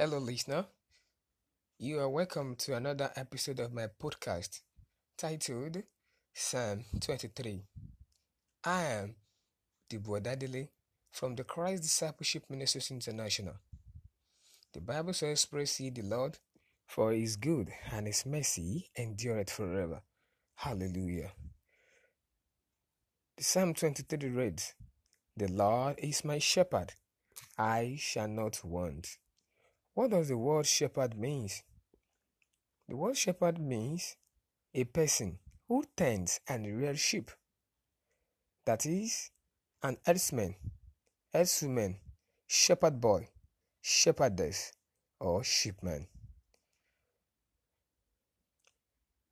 Hello, listener. You are welcome to another episode of my podcast titled Psalm 23. I am Deborah Dadele from the Christ Discipleship Ministries International. The Bible says, Praise ye the Lord, for he is good, and his mercy endureth forever. Hallelujah. The Psalm 23 reads, The Lord is my shepherd, I shall not want. What does the word shepherd means? The word shepherd means a person who tends and rears sheep. That is an herdsman, herdswoman, shepherd boy, shepherdess, or sheepman.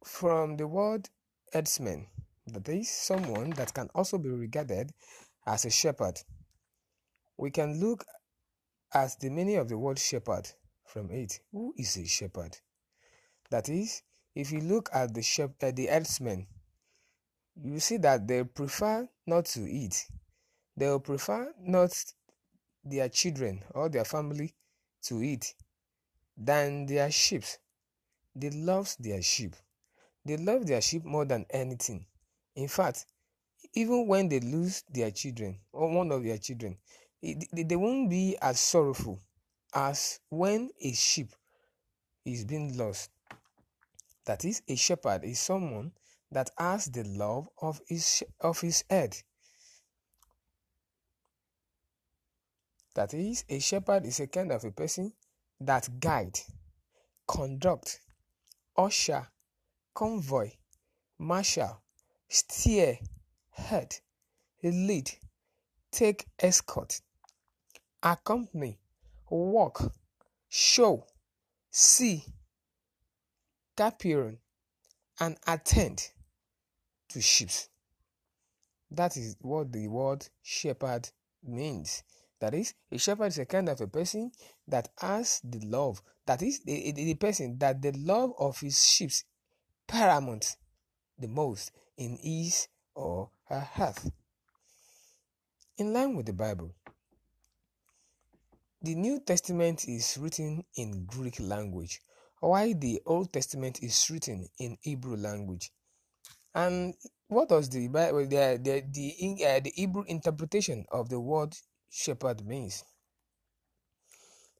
From the word herdsman, that is someone that can also be regarded as a shepherd. We can look as the meaning of the word shepherd from it. Who is a shepherd? That is, if you look at the shepherd, uh, at the herdsmen, you see that they prefer not to eat. They will prefer not their children or their family to eat than their sheep. They love their sheep. They love their sheep more than anything. In fact, even when they lose their children or one of their children, they won't be as sorrowful as when a sheep is being lost. That is, a shepherd is someone that has the love of his of his head. That is, a shepherd is a kind of a person that guide, conduct, usher, convoy, marshal, steer, head, lead, take escort, accompany, walk, show, see, capering, and attend to sheep. That is what the word shepherd means. That is, a shepherd is a kind of a person that has the love. That is, the, the, the person that the love of his sheep paramount the most in his or her heart. In line with the Bible, the New Testament is written in Greek language, while the Old Testament is written in Hebrew language. And what does the Bible, the the the, uh, the Hebrew interpretation of the word shepherd means?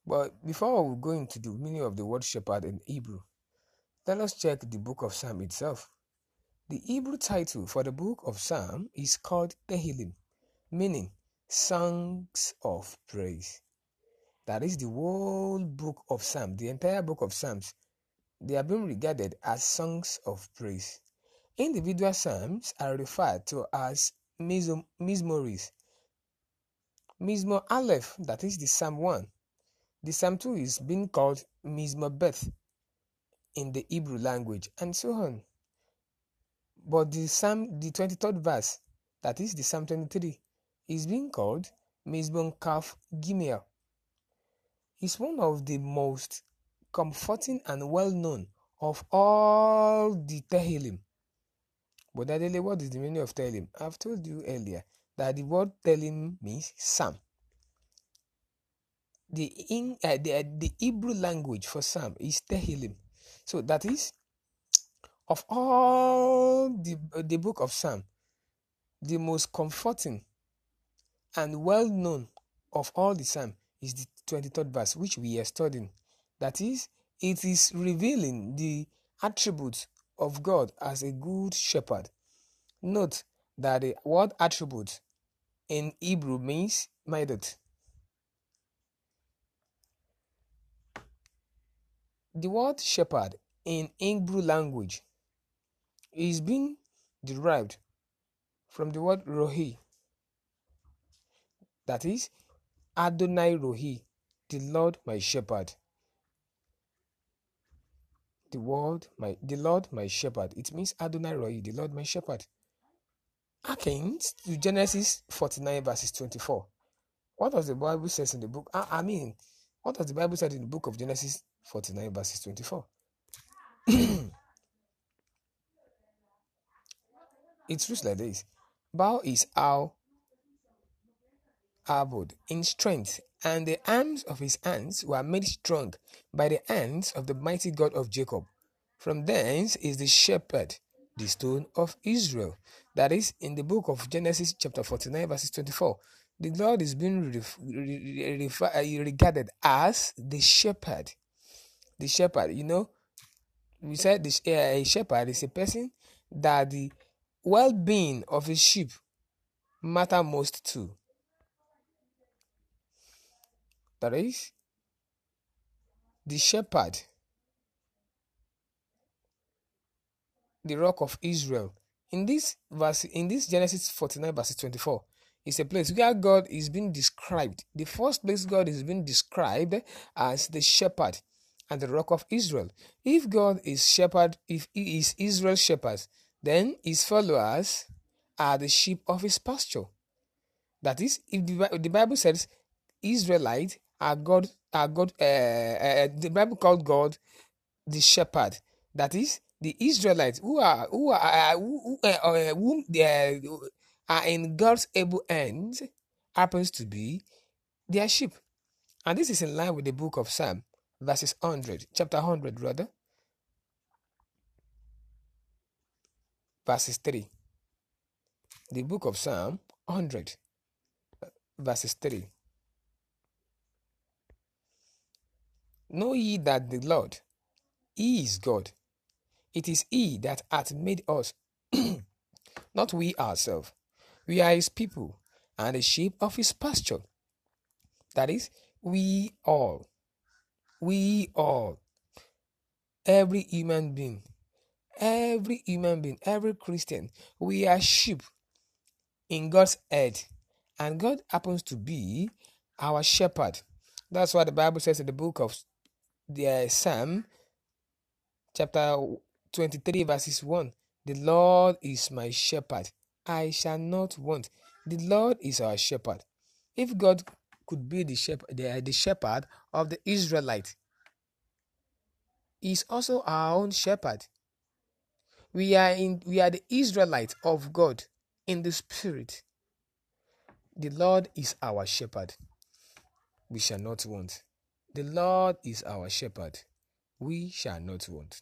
But before we go into the meaning of the word shepherd in Hebrew, let us check the book of Psalm itself. The Hebrew title for the book of Psalm is called Tehillim, meaning songs of praise that is the whole book of Psalms, the entire book of Psalms, they are being regarded as songs of praise. Individual psalms are referred to as mizmoris. Mizmor Aleph, that is the Psalm 1. The Psalm 2 is being called Mizmor Beth in the Hebrew language, and so on. But the Psalm, the 23rd verse, that is the Psalm 23, is being called Mizmor Kaf Gimel is one of the most comforting and well known of all the Tehillim. But Adele, what is the meaning of Tehillim? I've told you earlier that the word Tehillim means psalm. The, in, uh, the, uh, the Hebrew language for psalm is Tehillim. So that is, of all the, uh, the book of Psalm, the most comforting and well known of all the psalm is the 23rd verse, which we are studying. That is, it is revealing the attributes of God as a good shepherd. Note that the word attribute in Hebrew means midot. The word shepherd in Hebrew language is being derived from the word rohi, that is, Adonai Rohi, the Lord my shepherd. The world my the Lord my shepherd. It means Adonai Rohi, the Lord my shepherd. Akin to Genesis 49 verses 24. What does the Bible says in the book? I, I mean, what does the Bible said in the book of Genesis 49 verses 24? it reads like this Bow is how abode in strength, and the arms of his hands were made strong by the hands of the mighty God of Jacob. From thence is the shepherd, the stone of Israel. That is in the book of Genesis, chapter 49, verses 24. The Lord is being uh, regarded as the shepherd. The shepherd, you know, we said this, uh, a shepherd is a person that the well being of his sheep matter most to that is the shepherd, the rock of Israel. In this verse, in this Genesis 49, verses 24, is a place where God is being described. The first place God is being described as the shepherd and the rock of Israel. If God is shepherd, if he is Israel's shepherd, then his followers are the sheep of his pasture. That is, if the, the Bible says Israelite our God, our God, uh, uh, the Bible called God the shepherd. That is the Israelites who are who are uh, who, uh, whom they are, in God's able end happens to be their sheep, and this is in line with the book of Psalm, verses hundred, chapter hundred, rather, verses three. The book of Psalm hundred, verses three. Know ye that the Lord, He is God. It is He that hath made us, not we ourselves. We are His people and the sheep of His pasture. That is, we all. We all. Every human being. Every human being. Every Christian. We are sheep in God's head. And God happens to be our shepherd. That's why the Bible says in the book of the Psalm chapter 23 verses 1. The Lord is my shepherd. I shall not want. The Lord is our shepherd. If God could be the shepherd, the, uh, the shepherd of the Israelite, he is also our own shepherd. We are in we are the Israelites of God in the spirit. The Lord is our shepherd. We shall not want. The Lord is our shepherd, we shall not want.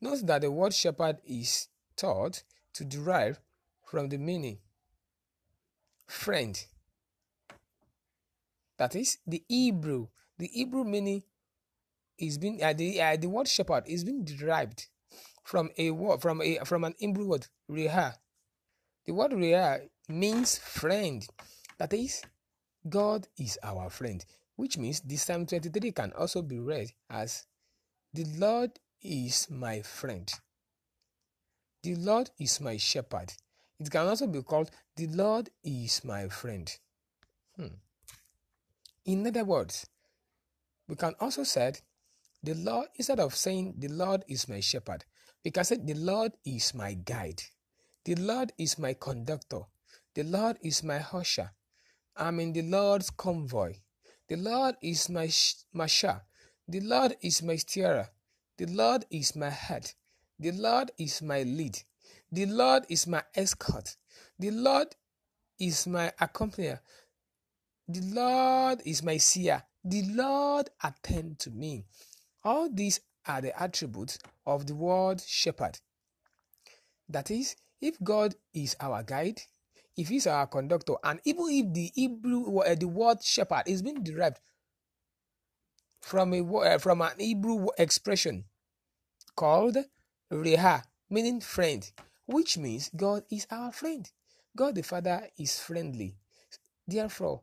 Note that the word shepherd is thought to derive from the meaning friend. That is the Hebrew. The Hebrew meaning is being uh, the uh, the word shepherd is being derived from a word from a from an Hebrew word reha. The word reha means friend. That is God is our friend, which means this Psalm 23 can also be read as The Lord is my friend. The Lord is my shepherd. It can also be called The Lord is my friend. Hmm. In other words, we can also say the Lord instead of saying the Lord is my shepherd, we can say the Lord is my guide. The Lord is my conductor. The Lord is my husher am in the Lord's convoy. The Lord is my, masha. shah. The Lord is my steerer. The Lord is my head. The Lord is my lead. The Lord is my escort. The Lord is my accompanier. The Lord is my seer. The Lord attend to me. All these are the attributes of the word shepherd. That is, if God is our guide, if he's our conductor, and even if the Hebrew uh, the word shepherd is being derived from a uh, from an Hebrew expression called reha, meaning friend, which means God is our friend. God the Father is friendly. Therefore,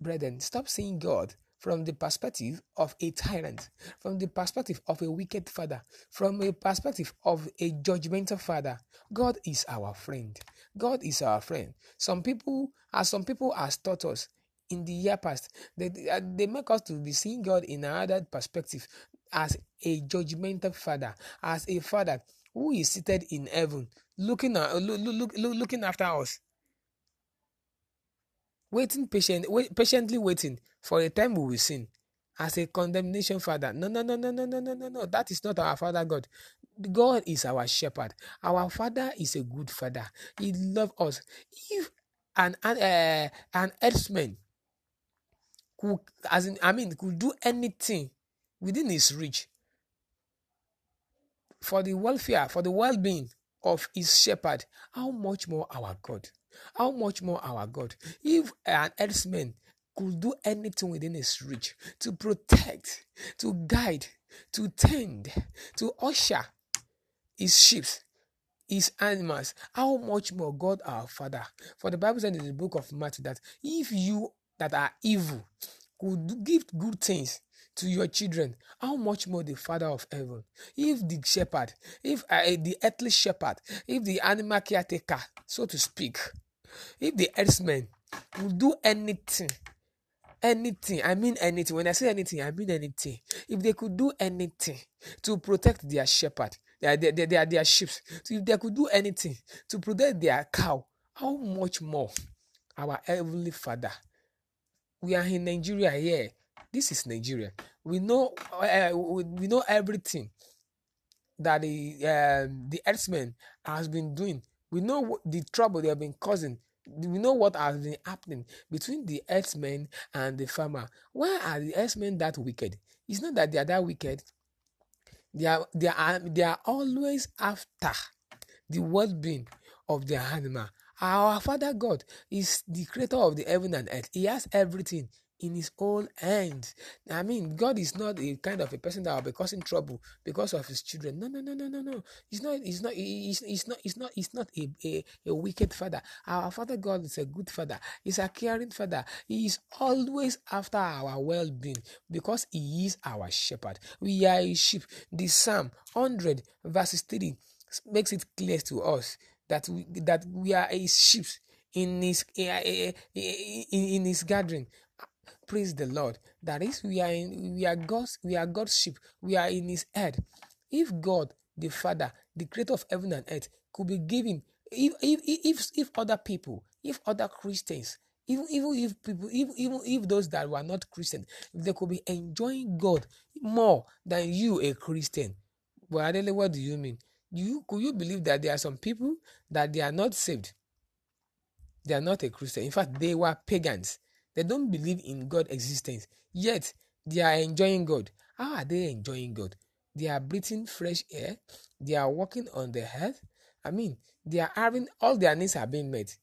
brethren, stop saying God from the perspective of a tyrant, from the perspective of a wicked father, from a perspective of a judgmental father. God is our friend. God is our friend. Some people, as some people has taught us in the year past, they, uh, they make us to be seeing God in another perspective as a judgmental father, as a father who is seated in heaven, looking, at, uh, look, look, look, looking after us Waiting patient, wait, patiently waiting for a time we will sin as a condemnation father. No, no, no, no, no, no, no, no, no. That is not our father God. God is our shepherd. Our father is a good father. He loves us. If an an, uh, an herdsman could, as in, I mean, could do anything within his reach for the welfare, for the well-being of his shepherd, how much more our God? How much more our God? If an man could do anything within his reach to protect, to guide, to tend, to usher his sheep, his animals, how much more God our Father? For the Bible says in the book of Matthew that if you that are evil could give good things to your children, how much more the Father of heaven? If the shepherd, if uh, eh, the earthly shepherd, if the animal caretaker, so to speak, if the herdsman will do anything, anything, I mean anything, when I say anything, I mean anything, if they could do anything to protect their shepherd, their, their, their, their, their sheep, so if they could do anything to protect their cow, how much more our heavenly Father? We are in Nigeria here this is Nigeria. We know uh, we, we know everything that the uh, the herdsmen has been doing. We know the trouble they have been causing. We know what has been happening between the herdsmen and the farmer. Why are the herdsmen that wicked? It's not that they are that wicked. They are they are um, they are always after the well-being of their animal. Our Father God is the creator of the heaven and earth. He has everything in his own hands. I mean, God is not the kind of a person that will be causing trouble because of his children. No, no, no, no, no, no. He's not, he's not, he's, he's not, he's not, he's not a, a, a wicked father. Our father God is a good father. He's a caring father. He is always after our well-being because he is our shepherd. We are his sheep. The Psalm 100 verses 3 makes it clear to us that we, that we are his sheep in his eh, eh, eh, in, in his gathering praise the Lord. That is, we are in, we are God's we are God's sheep. We are in His head. If God, the Father, the Creator of heaven and earth, could be given, if if if if other people, if other Christians, even even if people, even even if those that were not Christian, they could be enjoying God more than you, a Christian. But Adele, what do you mean? You could you believe that there are some people that they are not saved? They are not a Christian. In fact, they were pagans they don't believe in God's existence, yet they are enjoying God. How are they enjoying God? They are breathing fresh air, they are walking on the earth. I mean, they are having all their needs are being met.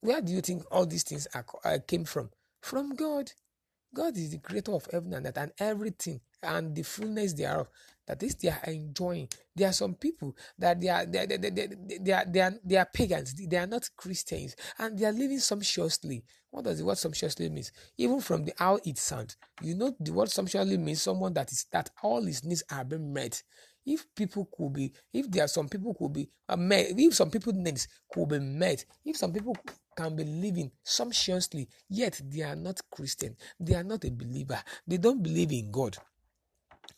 Where do you think all these things are, uh, came from? From God. God is the creator of heaven and earth and everything and the fullness thereof. That is, they are enjoying. There are some people that they are they are, they, are, they, are, they, they, are, they are pagans. They are not Christians, and they are living sumptuously. What does the word sumptuously means? Even from the how it sounds, you know the word sumptuously means someone that is that all his needs are being met. If people could be, if there are some people could be uh, met, if some people needs could be met, if some people can be living sumptuously, yet they are not Christian, they are not a believer, they don't believe in God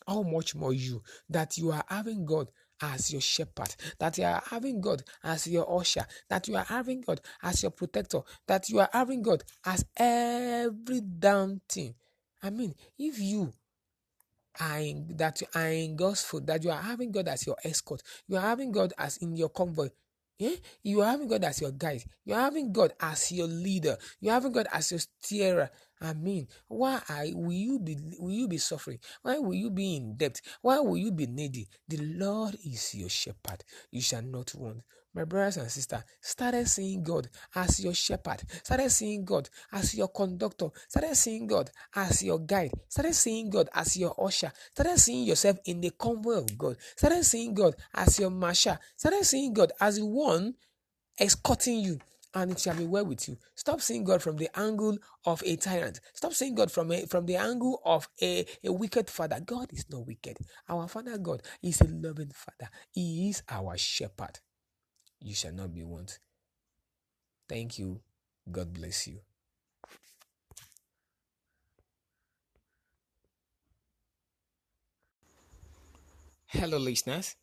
how much more you that you are having God as your shepherd, that you are having God as your usher, that you are having God as your protector, that you are having God as every damn thing. I mean, if you are in, that you are in God's foot, that you are having God as your escort, you are having God as in your convoy, yeah? You are having God as your guide. You are having God as your leader. You are having God as your steerer. I mean, why are, will you be will you be suffering? Why will you be in debt? Why will you be needy? The Lord is your shepherd. You shall not want my brothers and sisters, started seeing God as your shepherd, started seeing God as your conductor, started seeing God as your guide, started seeing God as your usher, started seeing yourself in the convoy of God, started seeing God as your marshal, started seeing God as the one escorting you. And it shall be well with you. Stop seeing God from the angle of a tyrant. Stop seeing God from a, from the angle of a, a wicked father. God is not wicked. Our Father God is a loving Father. He is our shepherd you shall not be want. Thank you. God bless you. Hello, listeners.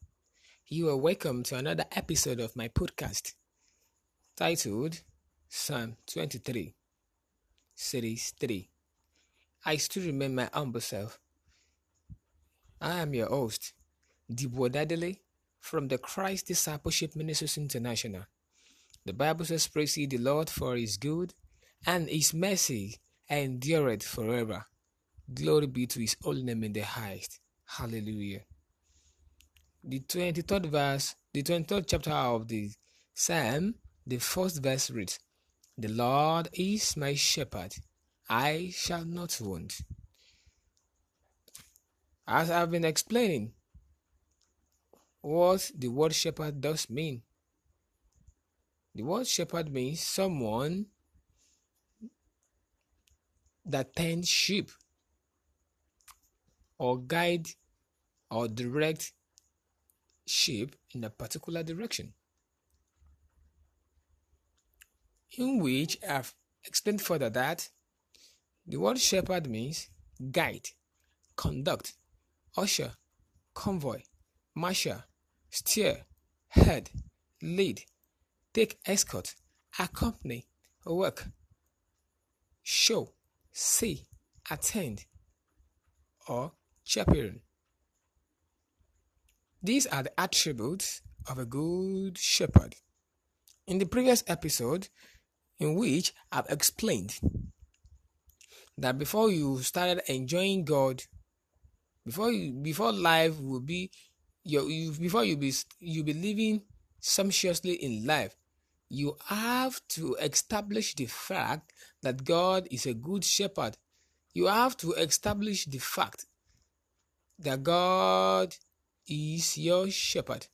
You are welcome to another episode of my podcast titled Psalm 23, Series 3. I still remain my humble self. I am your host, Debo Dadele, from the Christ Discipleship Ministries International. The Bible says, Praise ye the Lord for his good, and his mercy endureth forever. Glory be to his holy name in the highest. Hallelujah. The 23rd verse, the 23rd chapter of the Psalm, the first verse reads, The Lord is my shepherd, I shall not want. As I've been explaining, what the word shepherd does mean. The word shepherd means someone that tends sheep or guide or direct sheep in a particular direction. In which I've explained further that the word shepherd means guide, conduct, usher, convoy, marshal, steer, head, lead, take escort, accompany, work, show, see, attend, or chaperone. These are the attributes of a good shepherd. In the previous episode, in which I've explained that before you started enjoying God, before you, before life will be you, before you be you be living sumptuously in life, you have to establish the fact that God is a good shepherd. You have to establish the fact that God is your shepherd.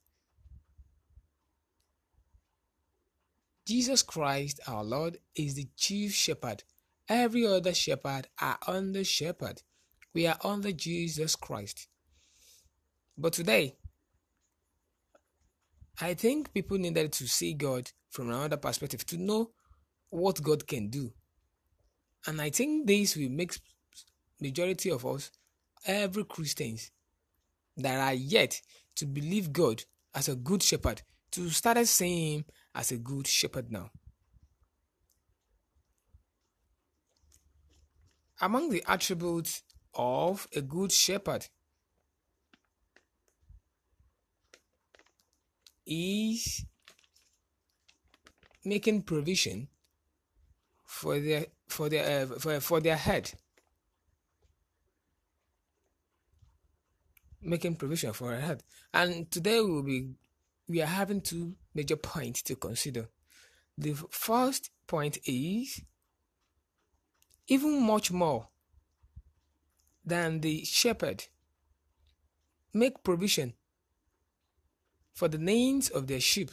Jesus Christ our Lord is the chief shepherd. Every other shepherd are under shepherd. We are under Jesus Christ. But today, I think people needed to see God from another perspective to know what God can do. And I think this will make majority of us, every Christians that are yet to believe God as a good shepherd, to start seeing him as a good shepherd now. Among the attributes of a good shepherd is making provision for their for their uh, for, for their head making provision for her head and today we will be we are having two major points to consider the first point is even much more than the shepherd make provision for the names of their sheep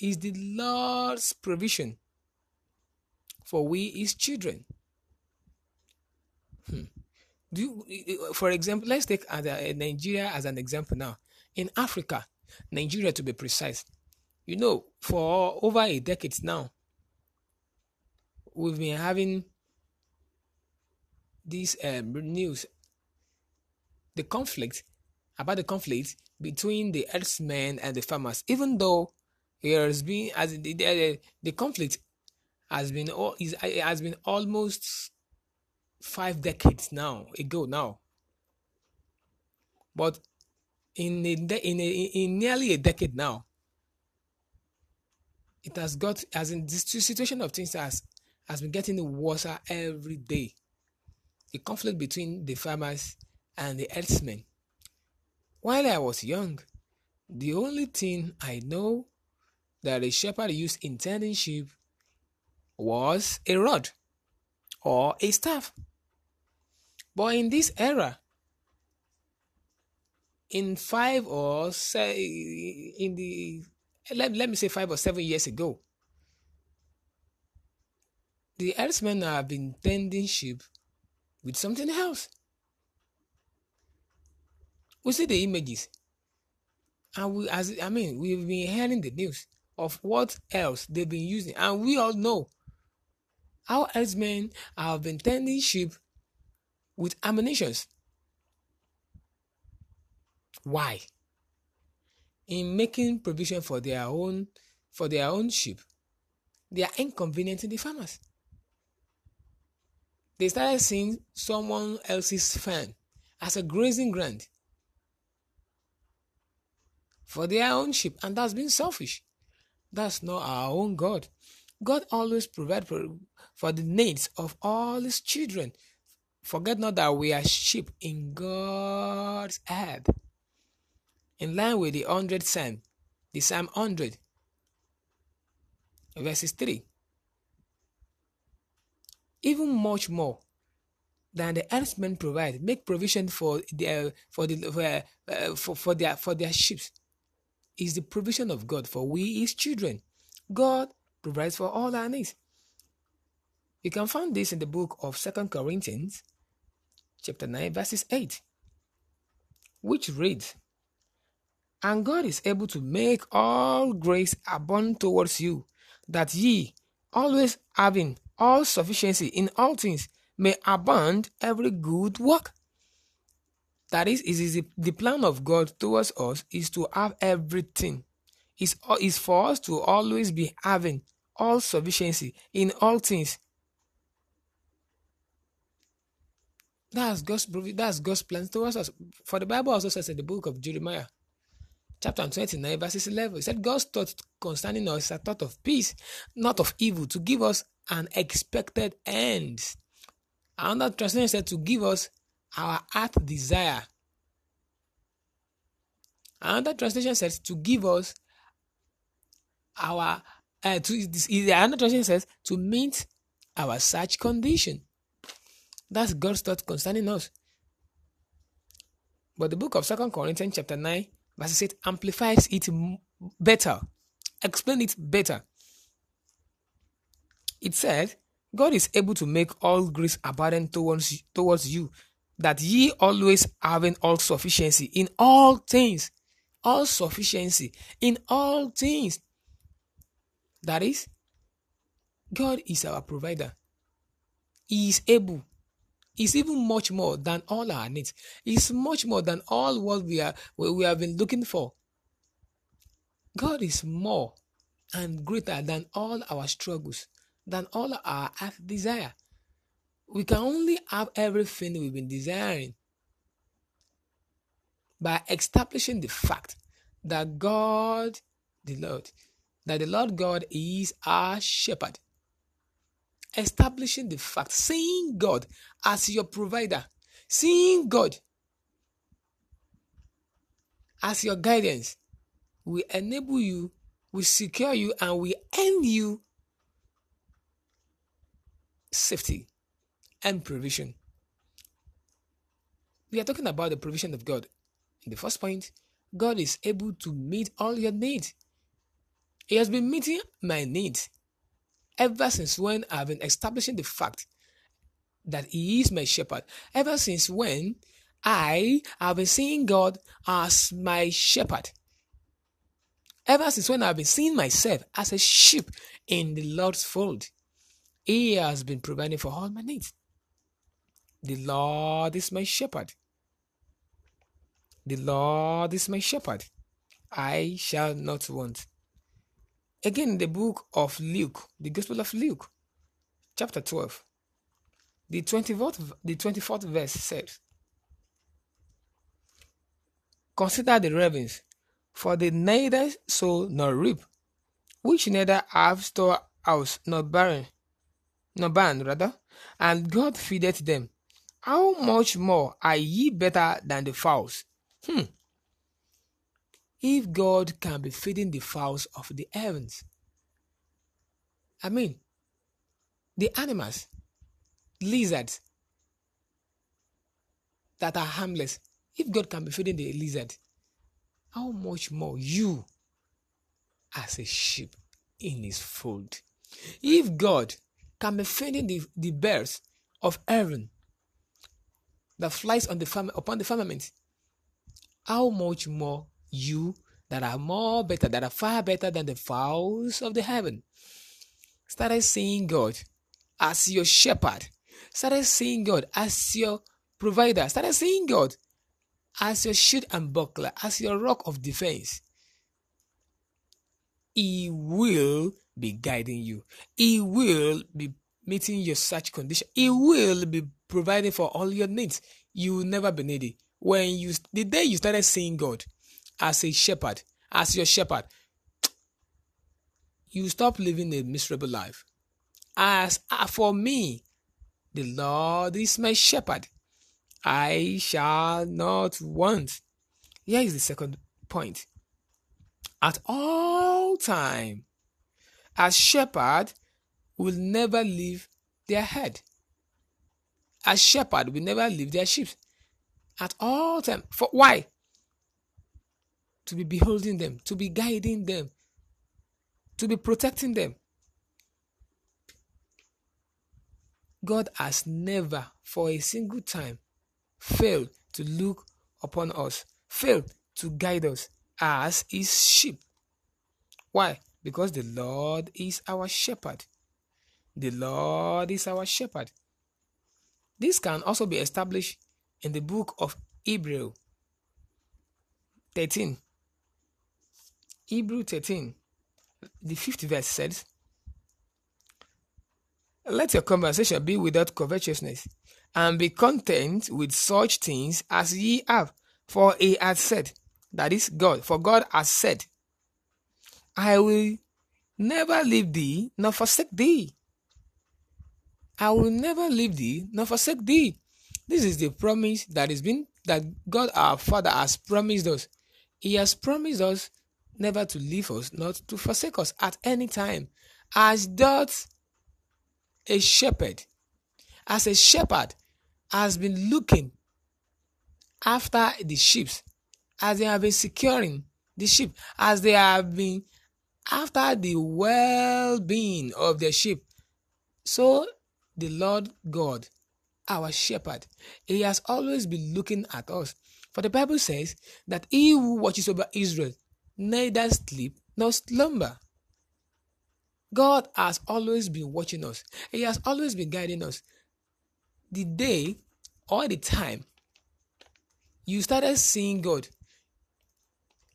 is the Lord's provision for we his children. Hmm. Do you, for example, let's take uh, Nigeria as an example now. In Africa, Nigeria to be precise, you know, for over a decade now, we've been having this um, news, the conflict about the conflict between the herdsmen and the farmers, even though there has been as the, the, the conflict has been has been almost five decades now ago now. But in a de- in a, in nearly a decade now, it has got as in this situation of things has has been getting worse every day. The conflict between the farmers and the herdsmen while I was young, the only thing I know that a shepherd used in tending sheep was a rod or a staff. But in this era, in five or say in the let, let me say five or seven years ago, the herdsmen have been tending sheep with something else. We see the images, and we as I mean we've been hearing the news of what else they've been using, and we all know how else men have been tending sheep with ammunitions. Why? In making provision for their own for their own sheep, they are inconveniencing the farmers. They started seeing someone else's farm as a grazing ground for their own sheep, and that's being selfish. That's not our own God. God always provides for the needs of all His children. Forget not that we are sheep in God's hand. In line with the 100th Psalm, the Psalm 100, verses 3. Even much more than the earthmen provide, make provision for their for the for, uh, for their for their sheep is the provision of God for we, His children. God provides for all our needs. You can find this in the book of Second Corinthians, chapter 9, verses 8, which reads, And God is able to make all grace abound towards you, that ye, always having all sufficiency in all things, may abound every good work. That is, it is the plan of God towards us is to have everything. Is is for us to always be having all sufficiency in all things. That's God's that's God's plan towards us. For the Bible also says in the book of Jeremiah, chapter 29, verses 11, it said God's thought concerning us is a thought of peace, not of evil, to give us an expected end. Another translation said to give us our heart desire. Another translation says to give us our uh, to another translation says to meet our such condition. That's God's thought concerning us. But the book of Second Corinthians chapter 9, verse 8 amplifies it better, explain it better. It said, God is able to make all grace abundant towards, towards you, that ye always having all sufficiency in all things, all sufficiency in all things. That is, God is our provider. He is able. He's even much more than all our needs. He's much more than all what we are we have been looking for. God is more and greater than all our struggles, than all our desire, we can only have everything we've been desiring by establishing the fact that God, the Lord, that the Lord God is our shepherd. Establishing the fact, seeing God as your provider, seeing God as your guidance will enable you, will secure you, and will end you safety and provision. We are talking about the provision of God. In the first point, God is able to meet all your needs. He has been meeting my needs ever since when I've been establishing the fact that He is my shepherd. Ever since when I have been seeing God as my shepherd. Ever since when I've been seeing myself as a sheep in the Lord's fold, He has been providing for all my needs. The Lord is my shepherd. The Lord is my shepherd. I shall not want. Again, the book of Luke, the Gospel of Luke, chapter 12, the 24th, the 24th verse says, Consider the ravens, for they neither sow nor reap, which neither have storehouse nor barn, nor barn rather, and God feedeth them. How much more are ye better than the fowls? Hmm. If God can be feeding the fowls of the heavens, I mean, the animals, lizards that are harmless, if God can be feeding the lizard, how much more you as a sheep in his fold? If God can be feeding the, the birds of heaven, that flies on the firm, upon the firmament. How much more you that are more better, that are far better than the fowls of the heaven. Started seeing God as your shepherd. Started seeing God as your provider. Started seeing God as your shield and buckler, as your rock of defense. He will be guiding you. He will be meeting your such condition. He will be providing for all your needs. You will never be needy. When you the day you started seeing God as a shepherd, as your shepherd, you stop living a miserable life. As uh, for me, the Lord is my shepherd. I shall not want. Here is the second point. At all time, a shepherd will never leave their head. A shepherd will never leave their sheep at all times. For why? To be beholding them, to be guiding them, to be protecting them. God has never, for a single time, failed to look upon us, failed to guide us as his sheep. Why? Because the Lord is our shepherd. The Lord is our shepherd. This can also be established in the book of Hebrew 13. Hebrew 13, the fifth verse says, Let your conversation be without covetousness, and be content with such things as ye have, for he hath said, that is God, for God has said, I will never leave thee nor forsake thee. I will never leave thee nor forsake thee. This is the promise that is been that God our Father has promised us. He has promised us never to leave us, not to forsake us at any time. As does a shepherd, as a shepherd has been looking after the sheep, as they have been securing the sheep, as they have been after the well being of the sheep. So the Lord God, our shepherd. He has always been looking at us. For the Bible says that he who watches over Israel neither sleep nor slumber. God has always been watching us, He has always been guiding us. The day or the time you started seeing God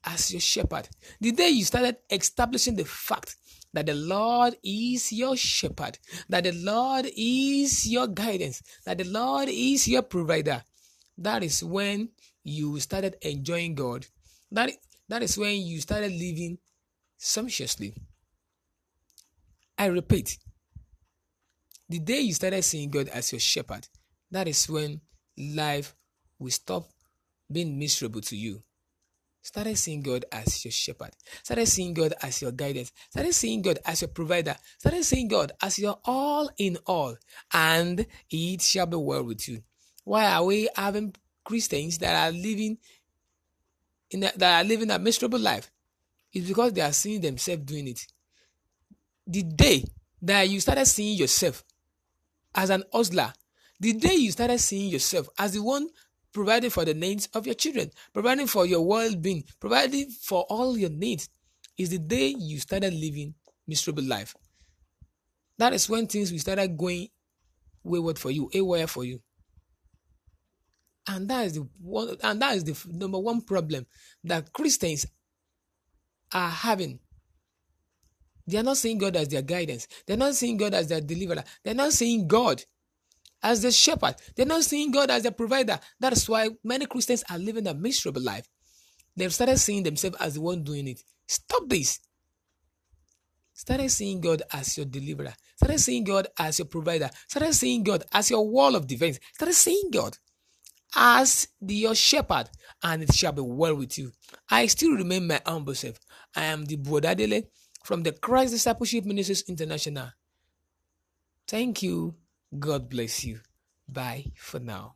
as your shepherd. The day you started establishing the fact that the Lord is your shepherd, that the Lord is your guidance, that the Lord is your provider, that is when you started enjoying God. That, that is when you started living sumptuously. I repeat, the day you started seeing God as your shepherd, that is when life will stop being miserable to you. Started seeing God as your shepherd. Started seeing God as your guidance. Started seeing God as your provider. Started seeing God as your all in all. And it shall be well with you. Why are we having Christians that are living in a, that are living a miserable life? It's because they are seeing themselves doing it. The day that you started seeing yourself as an hustler, the day you started seeing yourself as the one providing for the needs of your children, providing for your well being, providing for all your needs is the day you started living miserable life. That is when things we started going wayward for you, aware for you. And that is the one and that is the number one problem that Christians are having. They are not seeing God as their guidance. They're not seeing God as their deliverer. They're not seeing God as the shepherd. They're not seeing God as the provider. That's why many Christians are living a miserable life. They've started seeing themselves as the one doing it. Stop this. Started seeing God as your deliverer. Started seeing God as your provider. Started seeing God as your wall of defense. Started seeing God as the, your shepherd, and it shall be well with you. I still remain my humble self. I am the Brodadele from the Christ Discipleship Ministries International. Thank you. God bless you. Bye for now.